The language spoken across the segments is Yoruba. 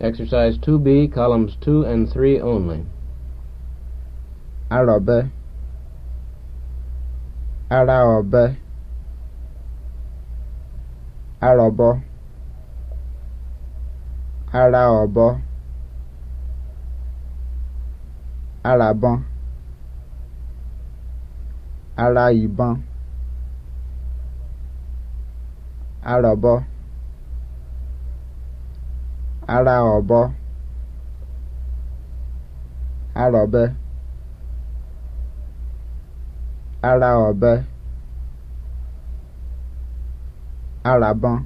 Exercise 2B, columns 2 and 3 only. Arabe. Arabe. Arabo. Araobo. Arabon. Araiban. Arabo ara ọ̀bọ ara ọ̀bẹ ara ọ̀bẹ arabọn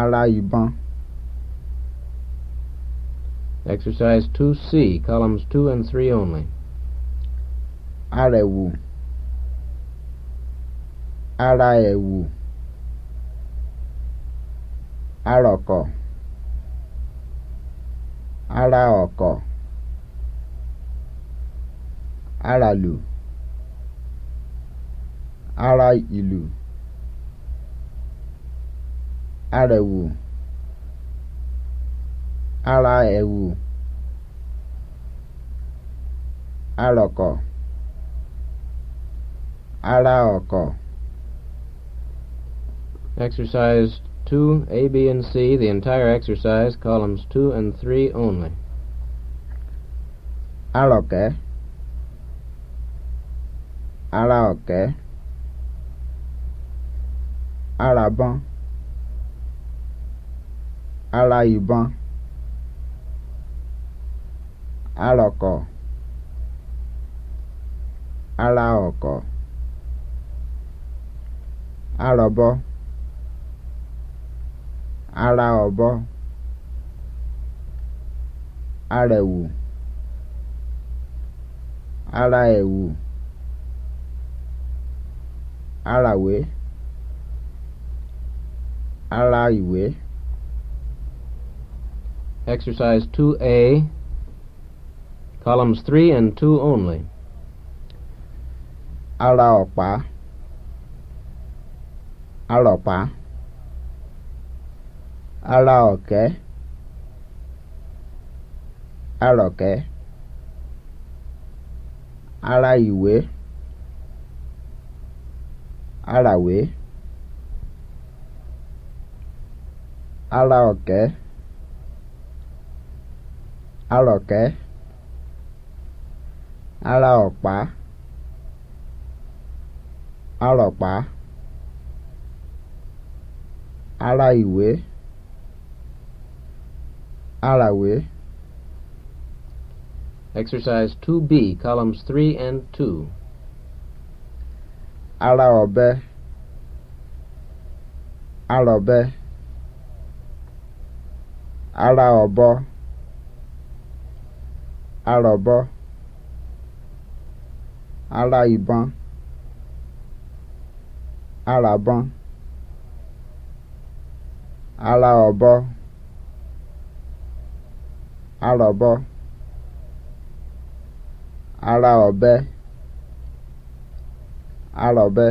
ara ìbọn. Exercise 2C, columns 2 and 3 only. Ara ẹ̀wù. Ara arọ̀kọ̀ ara ọ̀kọ̀ aràlù ara ìlù arẹ̀wù ara ẹ̀wù arọ̀kọ̀ ara ọ̀kọ̀. Exercise 2, A, B, and C, the entire exercise, columns 2 and 3 only. Aloke. Alaoke. Alaban. Alaiban. Aloko. Alaoko. Alobo ara ọ̀bọ arẹ̀wù ara ẹ̀wù arawé ara ìwé. Exercise 2A, columns 3 and 2 only. ara ọ̀pá ọpa. ara ọ̀kẹ́ arọ̀kẹ́ ara iwe, aràwé ara ọ̀kẹ́ arọ̀kẹ́ ara ọ̀pá arọ̀pá ara ìwé. Ara Alawi. Exercise 2B, columns 3 and 2. Alaobe. Alaobe. Alaobo. Alaobo. Alaiban. Alaban. Alaobo. Ala arọ̀bọ ara ọ̀bẹ arọ̀bẹ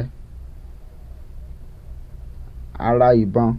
ara ìbọn.